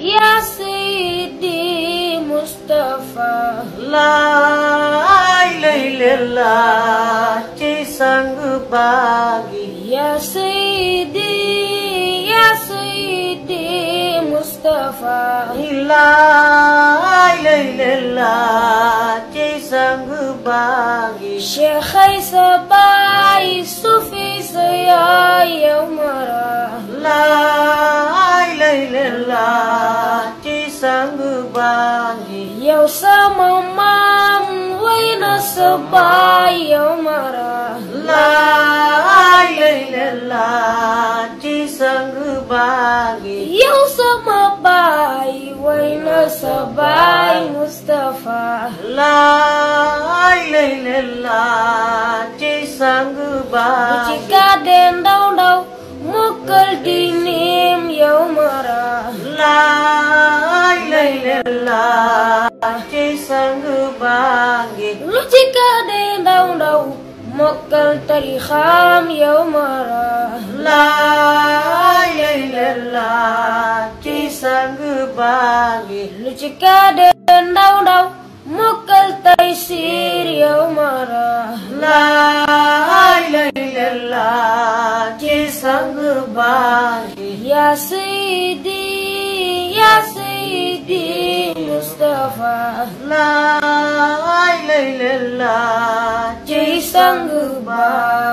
يا سيدي مصطفى لا إله إلا الله يا سيدي يا سيدي مصطفى لا إله إلا الله شيخي صباي صوفي sang bangi yow sama maam way na sa baay yow mara laa laa ci sang bangi yow sama baay way sa baay Mustafa laa ci sang bangi ci kàdde ndaw ndaw mokkal diineem yow mara laa Allah ci sang bangi lu ci kade ndaw ndaw mokkal tarixam yow mara la ilaha ci sang bangi lu ci kade ndaw ndaw mokkal taysir yow mara la ilaha ci sang bangi ya sayyidi fa la ai lê lê la chỉ sang ngư ba